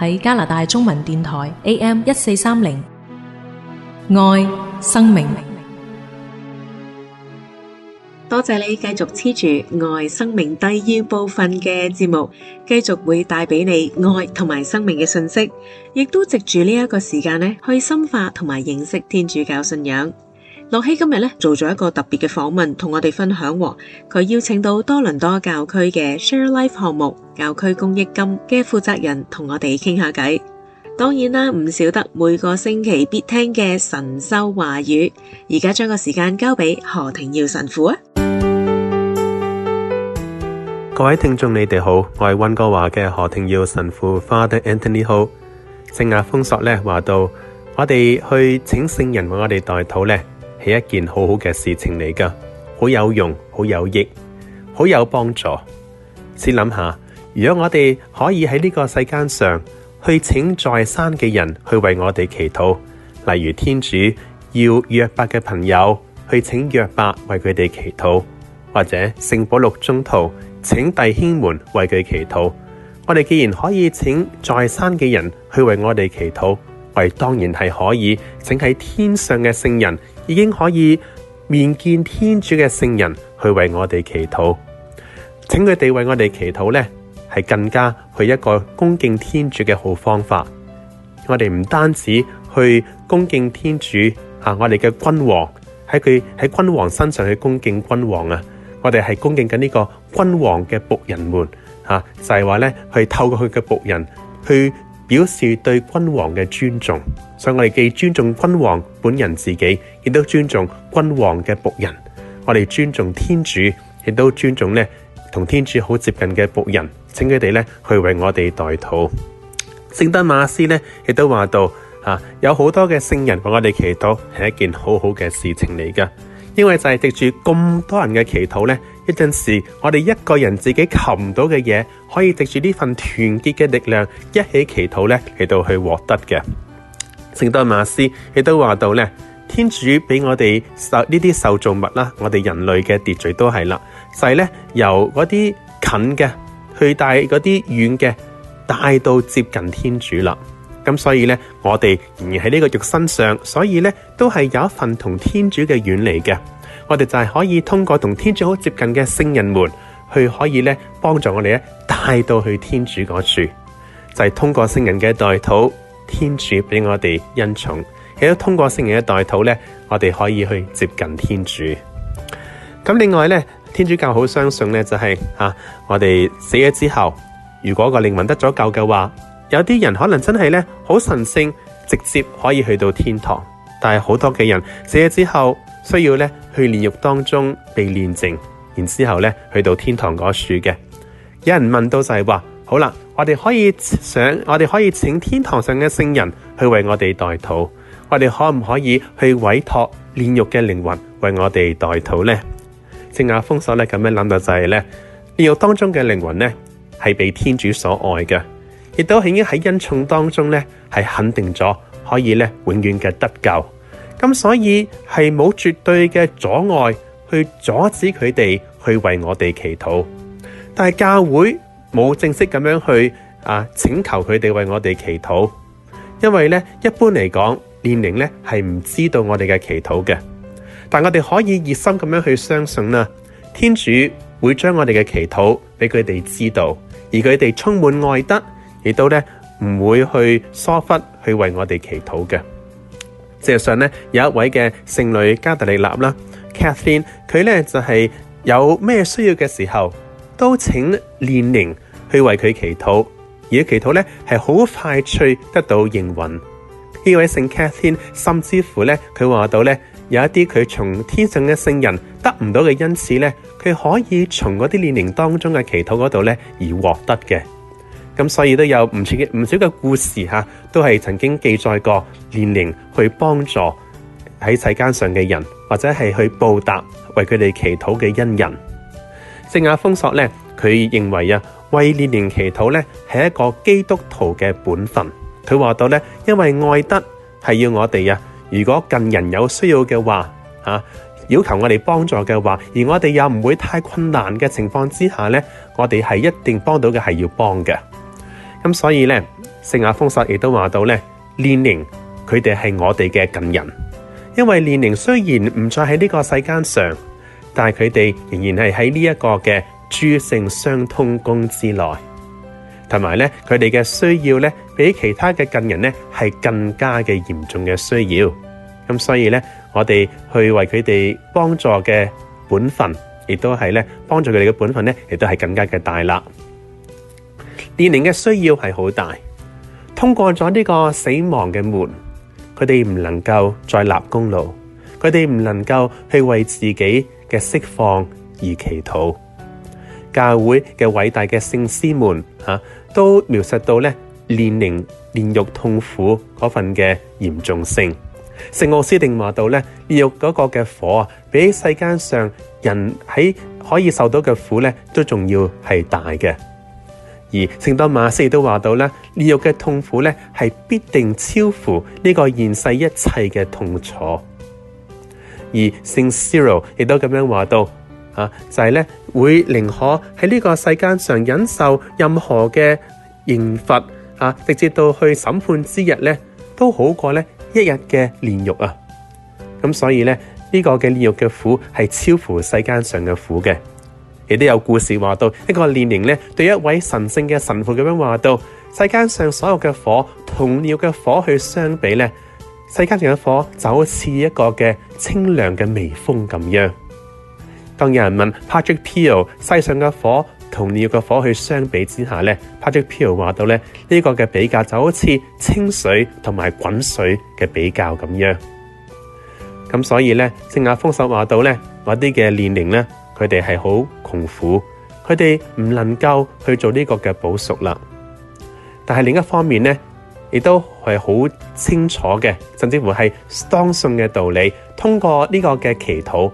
喺加拿大中文電台 AM 一四三零，愛生命。多謝你繼續黐住愛生命第二部分嘅節目，繼續會帶俾你愛同埋生命嘅信息，亦都藉住呢一個時間咧，去深化同埋認識天主教信仰。羅希今日咧做咗一個特別嘅訪問，同我哋分享。佢邀請到多倫多教區嘅 Share Life 項目教區公益金嘅負責人，同我哋傾下偈。當然啦，唔少得每個星期必聽嘅神修話語。而家將個時間交俾何庭耀神父啊！各位聽眾，你哋好，我係溫哥華嘅何庭耀神父 Father Anthony。好聖亞豐索咧話到，我哋去請聖人為我哋代禱咧。係一件好好嘅事情嚟噶，好有用、好有益、好有幫助。試諗下，如果我哋可以喺呢個世間上去請在生嘅人去為我哋祈禱，例如天主要約伯嘅朋友去請約伯為佢哋祈禱，或者聖保祿宗徒請弟兄們為佢祈禱。我哋既然可以請在生嘅人去為我哋祈禱，我哋當然係可以請喺天上嘅聖人已經可以面見天主嘅聖人去為我哋祈禱，請佢哋為我哋祈禱咧，係更加去一個恭敬天主嘅好方法。我哋唔單止去恭敬天主，吓、啊、我哋嘅君王喺佢喺君王身上去恭敬君王啊，我哋係恭敬緊呢個君王嘅僕人們，吓、啊、就係話咧去透過佢嘅僕人去。表示對君王嘅尊重，所以我哋既尊重君王本人自己，亦都尊重君王嘅僕人。我哋尊重天主，亦都尊重咧同天主好接近嘅僕人，請佢哋咧去為我哋代禱。聖德馬斯咧亦都話到，吓，有好多嘅聖人為我哋祈禱，係一件好好嘅事情嚟㗎，因為就係藉住咁多人嘅祈禱咧。有陣時，我哋一個人自己求唔到嘅嘢，可以藉住呢份團結嘅力量，一起祈禱咧，嚟到去獲得嘅。聖多瑪斯亦都話到咧，天主俾我哋受呢啲受造物啦，我哋人類嘅秩序都係啦，就係咧由嗰啲近嘅去帶嗰啲遠嘅，帶到接近天主啦。咁所以咧，我哋仍然喺呢個肉身上，所以咧都係有一份同天主嘅遠離嘅。我哋就係可以通過同天主好接近嘅聖人們，去可以咧幫助我哋咧帶到去天主嗰處，就係、是、通過聖人嘅代禱，天主俾我哋恩寵，亦都通過聖人嘅代禱咧，我哋可以去接近天主。咁另外咧，天主教好相信咧，就係、是、吓、啊、我哋死咗之後，如果個靈魂得咗救嘅話，有啲人可能真係咧好神聖，直接可以去到天堂，但係好多嘅人死咗之後。需要咧去煉獄當中被煉淨，然之後咧去到天堂嗰處嘅。有人問到就係話，好啦，我哋可以想，我哋可以請天堂上嘅聖人去為我哋代禱，我哋可唔可以去委託煉獄嘅靈魂為我哋代禱咧？聖亞封所咧咁樣諗到就係、是、咧，煉獄當中嘅靈魂咧係被天主所愛嘅，亦都係已經喺恩寵當中咧係肯定咗可以咧永遠嘅得救。咁、嗯、所以係冇絕對嘅阻礙去阻止佢哋去為我哋祈禱，但係教會冇正式咁樣去啊請求佢哋為我哋祈禱，因為咧一般嚟講，煉靈咧係唔知道我哋嘅祈禱嘅，但我哋可以熱心咁樣去相信啦，天主會將我哋嘅祈禱俾佢哋知道，而佢哋充滿愛德，亦都咧唔會去疏忽去為我哋祈禱嘅。事實上咧，有一位嘅聖女加特利納啦了，Catherine，佢咧就係、是、有咩需要嘅時候，都請煉靈去為佢祈禱，而啲祈禱咧係好快脆得到應允。呢位聖 Catherine 甚至乎咧，佢話到咧，有一啲佢從天上嘅聖人得唔到嘅恩賜咧，佢可以從嗰啲煉靈當中嘅祈禱嗰度咧而獲得嘅。咁所以都有唔少嘅唔少嘅故事吓，都係曾經記載過。煉靈去幫助喺世間上嘅人，或者係去報答為佢哋祈禱嘅恩人。聖亞封索咧，佢認為啊，為煉靈祈禱咧係一個基督徒嘅本分。佢話到咧，因為愛德係要我哋啊，如果近人有需要嘅話啊，要求我哋幫助嘅話，而我哋又唔會太困難嘅情況之下咧，我哋係一定幫到嘅，係要幫嘅。咁所以咧，聖亞封塞亦都話到咧，煉靈佢哋係我哋嘅近人，因為煉靈雖然唔再喺呢個世間上，但係佢哋仍然係喺呢一個嘅諸聖相通功之內，同埋咧，佢哋嘅需要咧，比其他嘅近人咧係更加嘅嚴重嘅需要。咁所以咧，我哋去為佢哋幫助嘅本分，亦都係咧幫助佢哋嘅本分咧，亦都係更加嘅大啦。煉靈嘅需要係好大，通過咗呢個死亡嘅門，佢哋唔能夠再立功勞，佢哋唔能夠去為自己嘅釋放而祈禱。教會嘅偉大嘅聖師們吓、啊、都描述到咧，煉靈煉獄痛苦嗰份嘅嚴重性。聖奧斯定話到咧，煉獄嗰個嘅火啊，比起世間上人喺可以受到嘅苦咧，都仲要係大嘅。而聖多馬斯亦都話到啦，煉獄嘅痛苦咧係必定超乎呢個現世一切嘅痛楚。而聖 Cyril 亦都咁樣話到，吓就係、是、咧會寧可喺呢個世間上忍受任何嘅刑罰，吓直至到去審判之日咧，都好過咧一日嘅煉獄啊。咁所以咧呢、這個嘅煉獄嘅苦係超乎世間上嘅苦嘅。亦都有故事話到一個年齡咧，對一位神聖嘅神父咁樣話到：世間上所有嘅火同尿嘅火去相比咧，世間上嘅火就好似一個嘅清涼嘅微風咁樣。當有人問 Patrick Peel 世上嘅火同尿嘅火去相比之下咧 ，Patrick Peel 話到咧呢、這個嘅比較就好似清水同埋滾水嘅比較咁樣。咁所以咧聖雅封神話到咧嗰啲嘅年齡咧。佢哋係好窮苦，佢哋唔能夠去做呢個嘅保贖啦。但係另一方面咧，亦都係好清楚嘅，甚至乎係當信嘅道理。通過呢個嘅祈禱，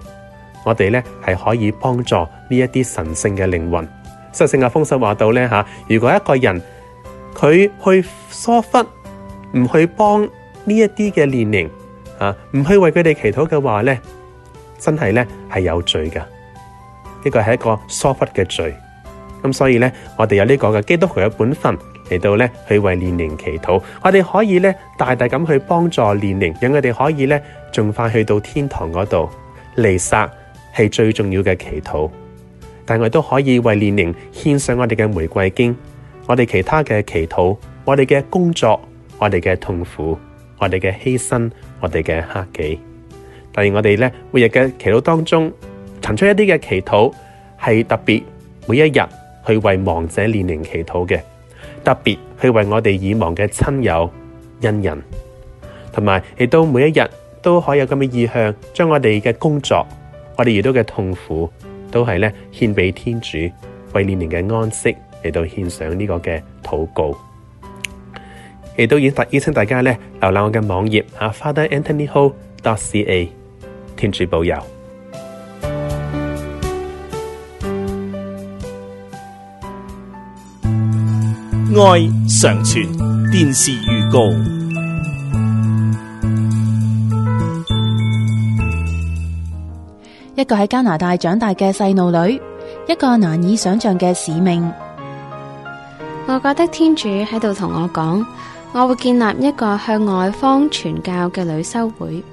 我哋咧係可以幫助呢一啲神聖嘅靈魂。聖亞豐索話到咧吓，如果一個人佢去疏忽，唔去幫呢一啲嘅煉靈啊，唔去為佢哋祈禱嘅話咧，真係咧係有罪㗎。呢個係一個疏忽嘅罪，咁所以呢，我哋有呢個嘅基督徒嘅本分嚟到呢去為煉靈祈禱，我哋可以呢大大咁去幫助煉靈，讓佢哋可以呢盡快去到天堂嗰度。彌撒係最重要嘅祈禱，但係我都可以為煉靈獻上我哋嘅玫瑰經，我哋其他嘅祈禱，我哋嘅工作，我哋嘅痛苦，我哋嘅犧牲，我哋嘅克己。當然，我哋呢每日嘅祈禱當中。提出一啲嘅祈禱，係特別每一日去為亡者煉靈祈禱嘅，特別去為我哋已亡嘅親友恩人，同埋亦都每一日都可以有咁嘅意向，將我哋嘅工作，我哋遇到嘅痛苦，都係咧獻俾天主，為煉靈嘅安息嚟到獻上呢個嘅禱告。亦都已特邀請大家咧瀏覽我嘅網頁啊，Father Anthony Ho dot C A，天主保佑。愛常傳電視預告，一個喺加拿大長大嘅細路女，一個難以想象嘅使命。我覺得天主喺度同我講，我會建立一個向外方傳教嘅女修會，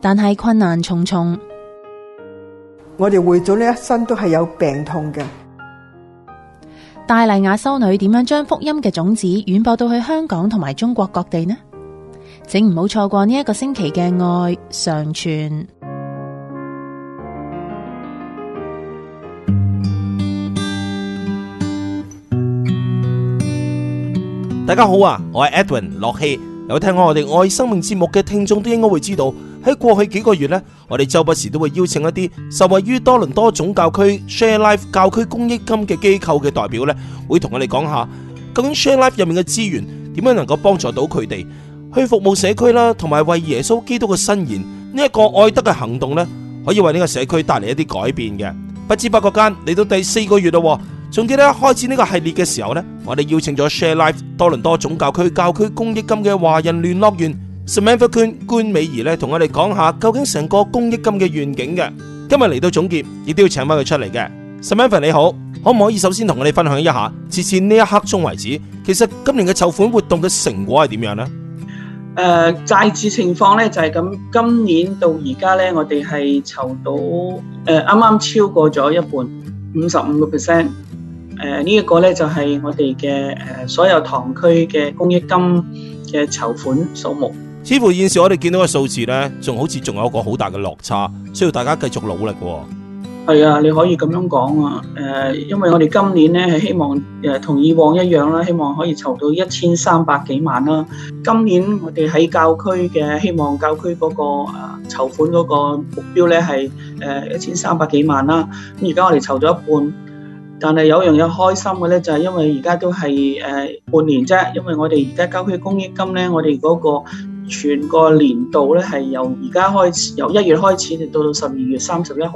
但係困難重重。我哋會長呢一生都係有病痛嘅。大麗雅修女點樣將福音嘅種子遠播到去香港同埋中國各地呢？請唔好錯過呢一個星期嘅愛常傳。大家好啊，我係 Edwin，樂熙。有聽過我我哋愛生命節目嘅聽眾都應該會知道，喺過去幾個月呢，我哋周不時都會邀請一啲受惠於多倫多總教區 Share Life 教區公益金嘅機構嘅代表呢，會同我哋講下究竟 Share Life 入面嘅資源點樣能夠幫助到佢哋去服務社區啦，同埋為耶穌基督嘅伸延呢一個愛德嘅行動呢，可以為呢個社區帶嚟一啲改變嘅。不知不覺間嚟到第四個月啦喎。總結咧，開始呢個系列嘅時候呢，我哋邀請咗 Share Life 多倫多總教區教區公益金嘅華人聯絡員 Samantha q 官美儀呢，同我哋講下究竟成個公益金嘅願景嘅。今日嚟到總結，亦都要請翻佢出嚟嘅。Samantha 你好，可唔可以首先同我哋分享一下，截至呢一刻鐘為止，其實今年嘅籌款活動嘅成果係點樣呢？誒、呃，大致情況呢，就係、是、咁，今年到而家呢，我哋係籌到誒啱啱超過咗一半，五十五個 percent。誒，呃這個、呢一個呢就係、是、我哋嘅誒所有堂區嘅公益金嘅籌款數目，似乎現時我哋見到嘅數字呢，仲好似仲有一個好大嘅落差，需要大家繼續努力嘅、哦。係啊，你可以咁樣講啊。誒、呃，因為我哋今年呢，係希望誒同、呃、以往一樣啦，希望可以籌到一千三百幾萬啦。今年我哋喺教區嘅希望教區嗰、那個誒、呃、籌款嗰個目標呢，係誒一千三百幾萬啦。咁而家我哋籌咗一半。但係有樣嘢開心嘅咧，就係因為而家都係誒半年啫。因為我哋而家郊區公益金咧，我哋嗰個全個年度咧係由而家開始，由一月開始，到到十二月三十一號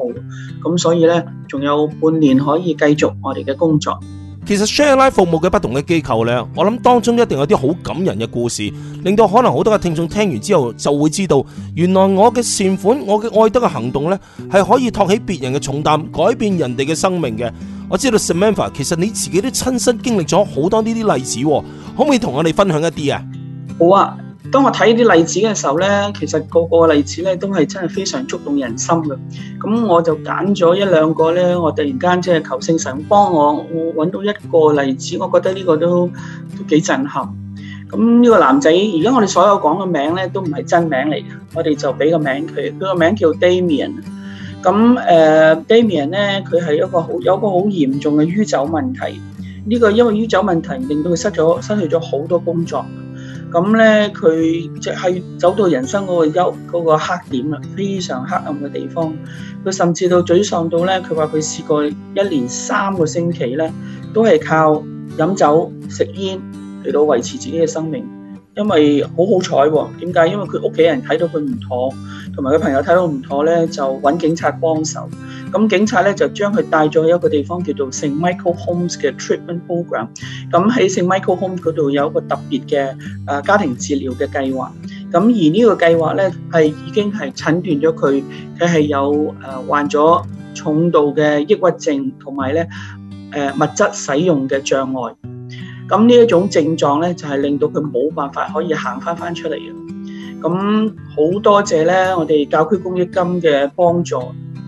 咁，所以咧仲有半年可以繼續我哋嘅工作。其實 Share Life 服務嘅不同嘅機構咧，我諗當中一定有啲好感人嘅故事，令到可能好多嘅聽眾聽完之後就會知道，原來我嘅善款，我嘅愛德嘅行動咧係可以托起別人嘅重擔，改變人哋嘅生命嘅。我知道 Samantha 其實你自己都親身經歷咗好多呢啲例子，可唔可以同我哋分享一啲啊？好啊，當我睇呢啲例子嘅時候咧，其實個個例子咧都係真係非常觸動人心嘅。咁我就揀咗一兩個咧，我突然間即係求聖神幫我，我揾到一個例子，我覺得呢個都都幾震撼。咁呢個男仔，而家我哋所有講嘅名咧都唔係真名嚟，我哋就俾個名佢，佢個名叫 Damian。咁誒，Damian 咧，佢係、uh, 一個好有個好嚴重嘅酗酒問題。呢、這個因為酗酒問題令到佢失咗失去咗好多工作。咁咧，佢即係走到人生嗰、那個幽嗰、那個黑點啊，非常黑暗嘅地方。佢甚至到沮喪到咧，佢話佢試過一連三個星期咧，都係靠飲酒食煙嚟到維持自己嘅生命。因為好好彩喎，點解？因為佢屋企人睇到佢唔妥。同埋佢朋友睇到唔妥咧，就揾警察幫手。咁警察咧就將佢帶咗去一個地方叫做聖 Michael Holmes 嘅 treatment program。咁喺聖 Michael Holmes 嗰度有一個特別嘅誒家庭治療嘅計劃。咁而呢個計劃咧係已經係診斷咗佢，佢係有誒患咗重度嘅抑鬱症同埋咧誒物質使用嘅障礙。咁呢一種症狀咧就係令到佢冇辦法可以行翻翻出嚟嘅。咁好多謝咧，我哋教區公益金嘅幫助，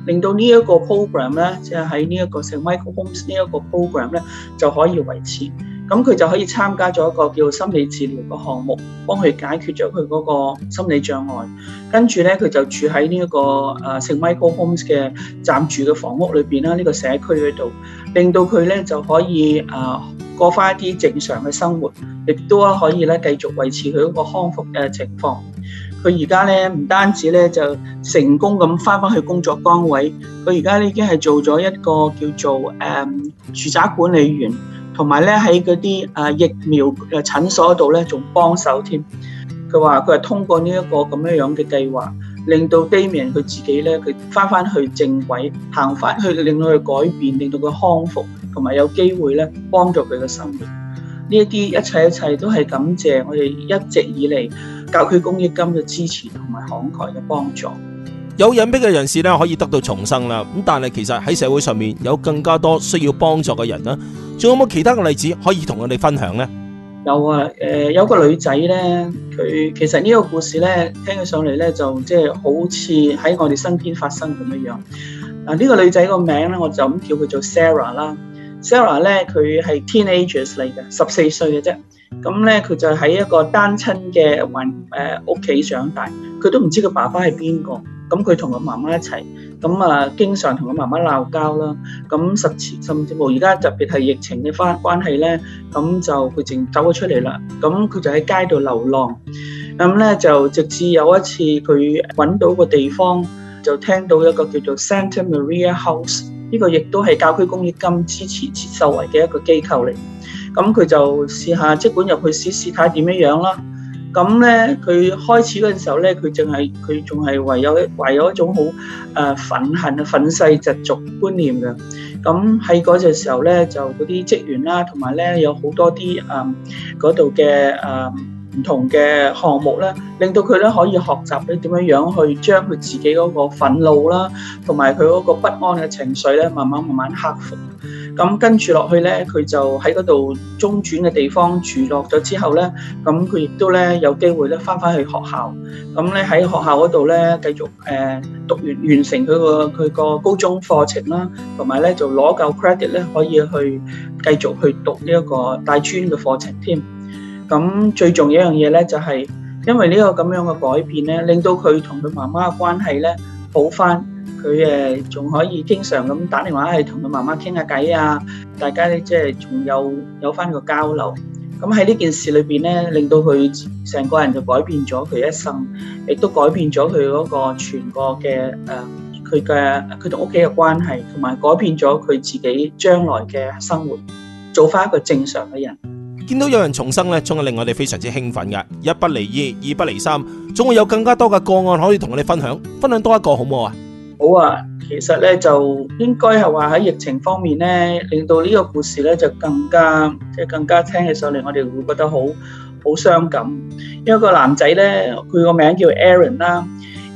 令到呢一個 program 咧，即係喺呢一個聖 Michael Homes 呢一個 program 咧就可以維持。咁佢就可以參加咗一個叫心理治療嘅項目，幫佢解決咗佢嗰個心理障礙。跟住咧，佢就住喺呢一個誒聖 Michael Homes 嘅暫住嘅房屋裏邊啦。呢、這個社區嗰度令到佢咧就可以誒過翻一啲正常嘅生活，亦都可以咧繼續維持佢嗰個康復嘅情況。佢而家咧唔單止咧就成功咁翻翻去工作崗位，佢而家咧已經係做咗一個叫做誒住宅管理員，同埋咧喺嗰啲誒疫苗誒診所度咧仲幫手添。佢話佢係通過呢一個咁樣樣嘅計劃，令到 Damian 佢自己咧佢翻翻去正軌，行翻去令到佢改變，令到佢康復，同埋有機會咧幫助佢嘅生活。呢一啲一切一切都係感謝我哋一直以嚟，教區公益金嘅支持同埋慷慨嘅幫助，有隱蔽嘅人士咧可以得到重生啦。咁但係其實喺社會上面有更加多需要幫助嘅人啦。仲有冇其他嘅例子可以同我哋分享咧？有啊，誒、呃，有個女仔咧，佢其實呢個故事咧，聽起上嚟咧就即係好似喺我哋身邊發生咁樣樣。嗱、啊、呢、這個女仔個名咧，我就咁叫佢做 Sarah 啦。Sarah 咧，佢係 teenagers 嚟嘅，十四歲嘅啫。咁咧，佢就喺一個單親嘅混誒屋企長大，佢都唔知佢爸爸係邊個。咁佢同佢媽媽一齊，咁啊，經常同佢媽媽鬧交啦。咁實時甚至乎而家特別係疫情嘅關關係咧，咁就佢淨走咗出嚟啦。咁佢就喺街度流浪。咁咧就直至有一次佢揾到個地方，就聽到一個叫做 Santa Maria House，呢個亦都係教區公益金支持設受惠嘅一個機構嚟。咁佢就試下即管入去試試睇點樣樣啦。咁咧，佢開始嗰陣時候咧，佢淨係佢仲係唯有唯有一種好誒憤恨憤世嫉俗觀念嘅。咁喺嗰陣時候咧，就嗰啲職員啦，呢嗯嗯、同埋咧有好多啲誒嗰度嘅誒唔同嘅項目咧，令到佢咧可以學習你點樣樣去將佢自己嗰個憤怒啦，同埋佢嗰個不安嘅情緒咧，慢慢慢慢克服。咁跟住落去咧，佢就喺嗰度中轉嘅地方住落咗之後咧，咁佢亦都咧有機會咧返返去學校，咁咧喺學校嗰度咧繼續誒讀完完成佢個佢個高中課程啦，同埋咧就攞夠 credit 咧可以去繼續去讀呢一個大專嘅課程添。咁最重要一樣嘢咧就係，因為呢個咁樣嘅改變咧，令到佢同佢媽媽嘅關係咧好返。佢誒仲可以經常咁打電話去同佢媽媽傾下偈啊！大家咧即係仲有有翻個交流咁，喺呢件事裏邊咧，令到佢成個人就改變咗佢一生，亦都改變咗佢嗰個全國嘅誒佢嘅佢同屋企嘅關係，同埋改變咗佢自己將來嘅生活，做翻一個正常嘅人。見到有人重生咧，仲係令我哋非常之興奮㗎。一不離二，二不離三，總會有更加多嘅個案可以同我哋分享。分享多一個好唔好啊！好啊，其實咧就應該係話喺疫情方面咧，令到呢個故事咧就更加即係更加聽起上嚟，我哋會覺得好好傷感。因為個男仔咧，佢個名叫 Aaron 啦，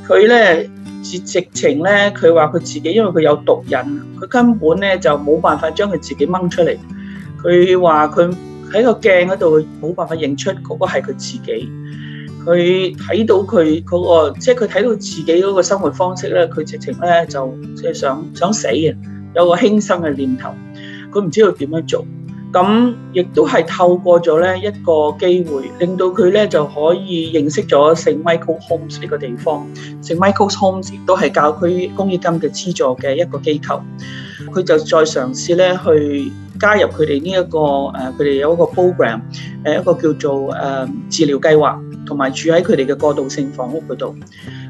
佢咧直直情咧，佢話佢自己因為佢有毒癮，佢根本咧就冇辦法將佢自己掹出嚟。佢話佢喺個鏡嗰度冇辦法認出嗰個係佢自己。佢睇到佢嗰個，即係佢睇到自己嗰個生活方式咧，佢直情咧就即係想想死啊，有個輕生嘅念頭。佢唔知道點樣做，咁亦都係透過咗咧一個機會，令到佢咧就可以認識咗聖 Michael Holmes 呢個地方。聖 Michael Holmes 亦都係教區公益金嘅資助嘅一個機構。佢就再嘗試咧去加入佢哋呢一個誒，佢哋有一個 program，誒一個叫做誒治療計劃。同埋住喺佢哋嘅過渡性房屋嗰度，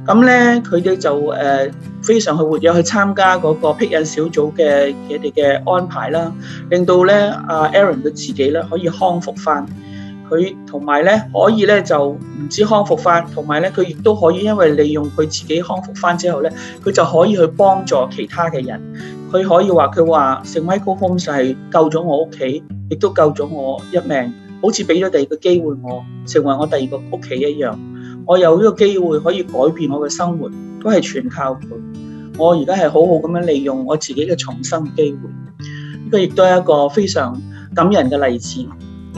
咁咧佢哋就誒、呃、非常去活躍去參加嗰個庇隱小組嘅佢哋嘅安排啦，令到咧阿、啊、Aaron 佢自己咧可以康復翻，佢同埋咧可以咧就唔止康復翻，同埋咧佢亦都可以因為利用佢自己康復翻之後咧，佢就可以去幫助其他嘅人，佢可以話佢話，成威高峰就 a 係救咗我屋企，亦都救咗我一命。好似俾咗第二個機會我，成為我第二個屋企一樣。我有呢個機會可以改變我嘅生活，都係全靠佢。我而家係好好咁樣利用我自己嘅重生機會。呢個亦都係一個非常感人嘅例子。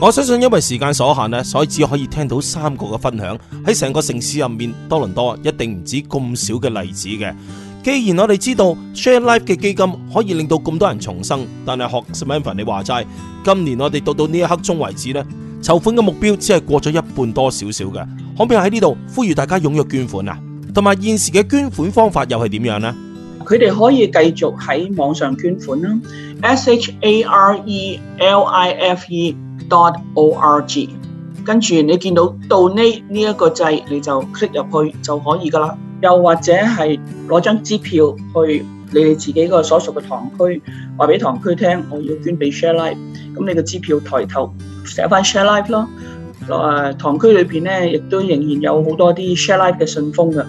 我相信因為時間所限呢，所以只可以聽到三個嘅分享。喺成個城市入面，多倫多一定唔止咁少嘅例子嘅。既然我哋知道 Share Life 嘅基金可以令到咁多人重生，但係學 Samantha 你話齋，今年我哋到到呢一刻鐘，為止咧，籌款嘅目標只係過咗一半多少少嘅，可唔可以喺呢度呼籲大家踴躍捐款啊？同埋現時嘅捐款方法又係點樣呢？佢哋可以繼續喺網上捐款啦，Share Life dot org，跟住你見到 Donate 呢一個掣，你就 click 入去就可以噶啦。又或者係攞張支票去你哋自己嗰個所屬嘅堂區，話俾堂區聽，我要捐俾 Share Life。咁你嘅支票抬頭寫翻 Share Life 咯。誒，堂區裏邊咧，亦都仍然有好多啲 Share Life 嘅信封嘅。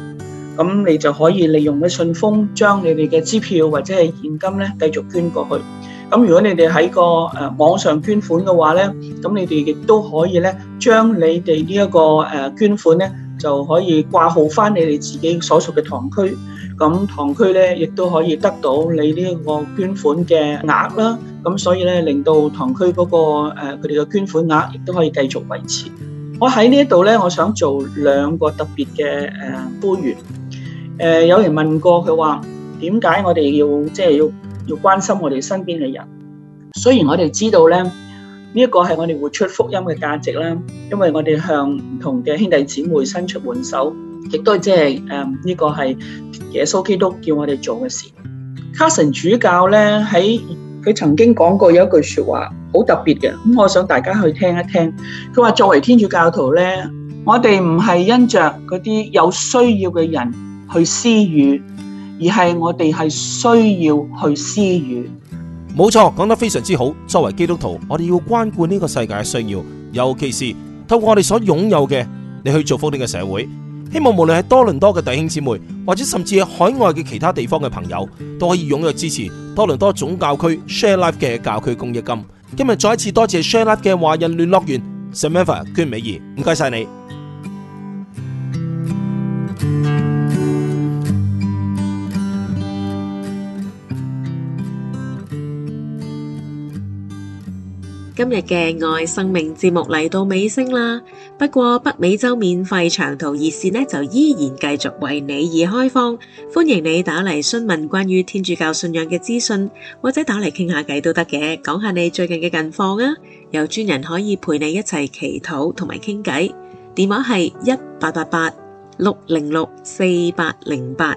咁你就可以利用嘅信封，將你哋嘅支票或者係現金咧，繼續捐過去。咁如果你哋喺個誒網上捐款嘅話咧，咁你哋亦都可以咧，將你哋呢一個誒捐款咧。就可以掛號翻你哋自己所屬嘅堂區，咁堂區咧亦都可以得到你呢個捐款嘅額啦，咁所以咧令到堂區嗰、那個佢哋嘅捐款額亦都可以繼續維持。我喺呢一度咧，我想做兩個特別嘅誒邀約。誒、呃、有人問過佢話點解我哋要即係要要關心我哋身邊嘅人？雖然我哋知道咧。呢一個係我哋活出福音嘅價值啦，因為我哋向唔同嘅兄弟姊妹伸出援手，亦都即係誒呢個係耶穌基督叫我哋做嘅事。Carson 主教咧喺佢曾經講過有一句説話，好特別嘅，咁我想大家去聽一聽。佢話：作為天主教徒咧，我哋唔係因著嗰啲有需要嘅人去施予，而係我哋係需要去施予。冇錯，講得非常之好。作為基督徒，我哋要關顧呢個世界嘅需要，尤其是透過我哋所擁有嘅，你去造福呢個社會。希望無論喺多倫多嘅弟兄姊妹，或者甚至喺海外嘅其他地方嘅朋友，都可以踴躍支持多倫多總教區 Share Life 嘅教區公益金。今日再一次多謝 Share Life 嘅華人聯絡員 Samantha 帆捐美儀，唔該晒你。今日嘅愛生命節目嚟到尾聲啦。不過北美洲免費長途熱線呢，就依然繼續為你而開放，歡迎你打嚟詢問關於天主教信仰嘅資訊，或者打嚟傾下偈都得嘅，講下你最近嘅近況啊。有專人可以陪你一齊祈禱同埋傾偈。電話係一八八八六零六四八零八。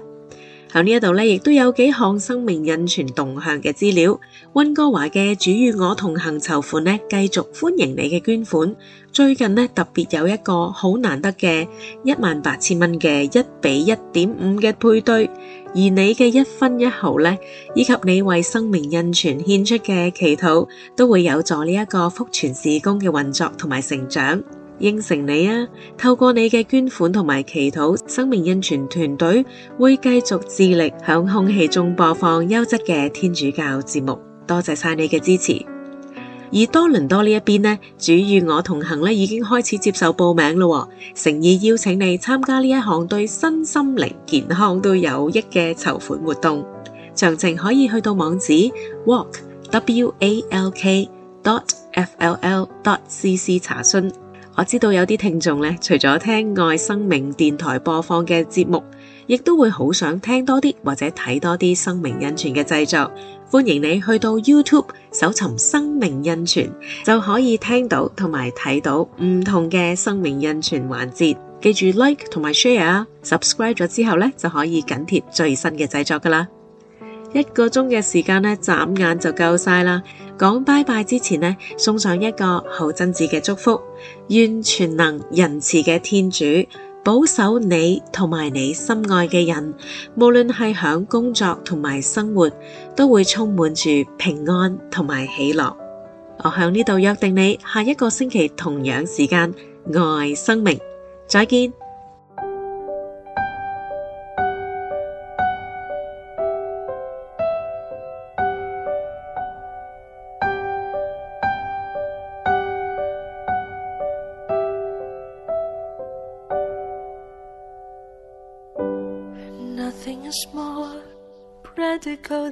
喺呢一度咧，亦都有幾項生命恩泉動向嘅資料。温哥華嘅主與我同行籌款呢，繼續歡迎你嘅捐款。最近呢，特別有一個好難得嘅一萬八千蚊嘅一比一點五嘅配對，而你嘅一分一毫呢，以及你為生命恩泉獻出嘅祈禱，都會有助呢一個福傳事工嘅運作同埋成長。應承你啊！透過你嘅捐款同埋祈禱，生命印傳團隊會繼續致力響空氣中播放優質嘅天主教節目。多謝晒你嘅支持。而多倫多呢一邊呢，主與我同行咧，已經開始接受報名咯。誠意邀請你參加呢一項對身心靈健康都有益嘅籌款活動。詳情可以去到網址 walk w a l k dot f l l dot c c 查詢。我知道有啲聽眾呢，除咗聽愛生命電台播放嘅節目，亦都會好想聽多啲或者睇多啲生命恩泉嘅製作。歡迎你去到 YouTube 搜尋生命恩泉，就可以聽到同埋睇到唔同嘅生命恩泉環節。記住 Like 同埋 Share 啊，Subscribe 咗之後呢就可以緊貼最新嘅製作噶啦。一個鐘嘅時間咧，眨眼就夠晒啦。講拜拜之前咧，送上一個好真摯嘅祝福，願全能仁慈嘅天主保守你同埋你心愛嘅人，無論係響工作同埋生活，都會充滿住平安同埋喜樂。我喺呢度約定你，下一個星期同樣時間愛生命，再見。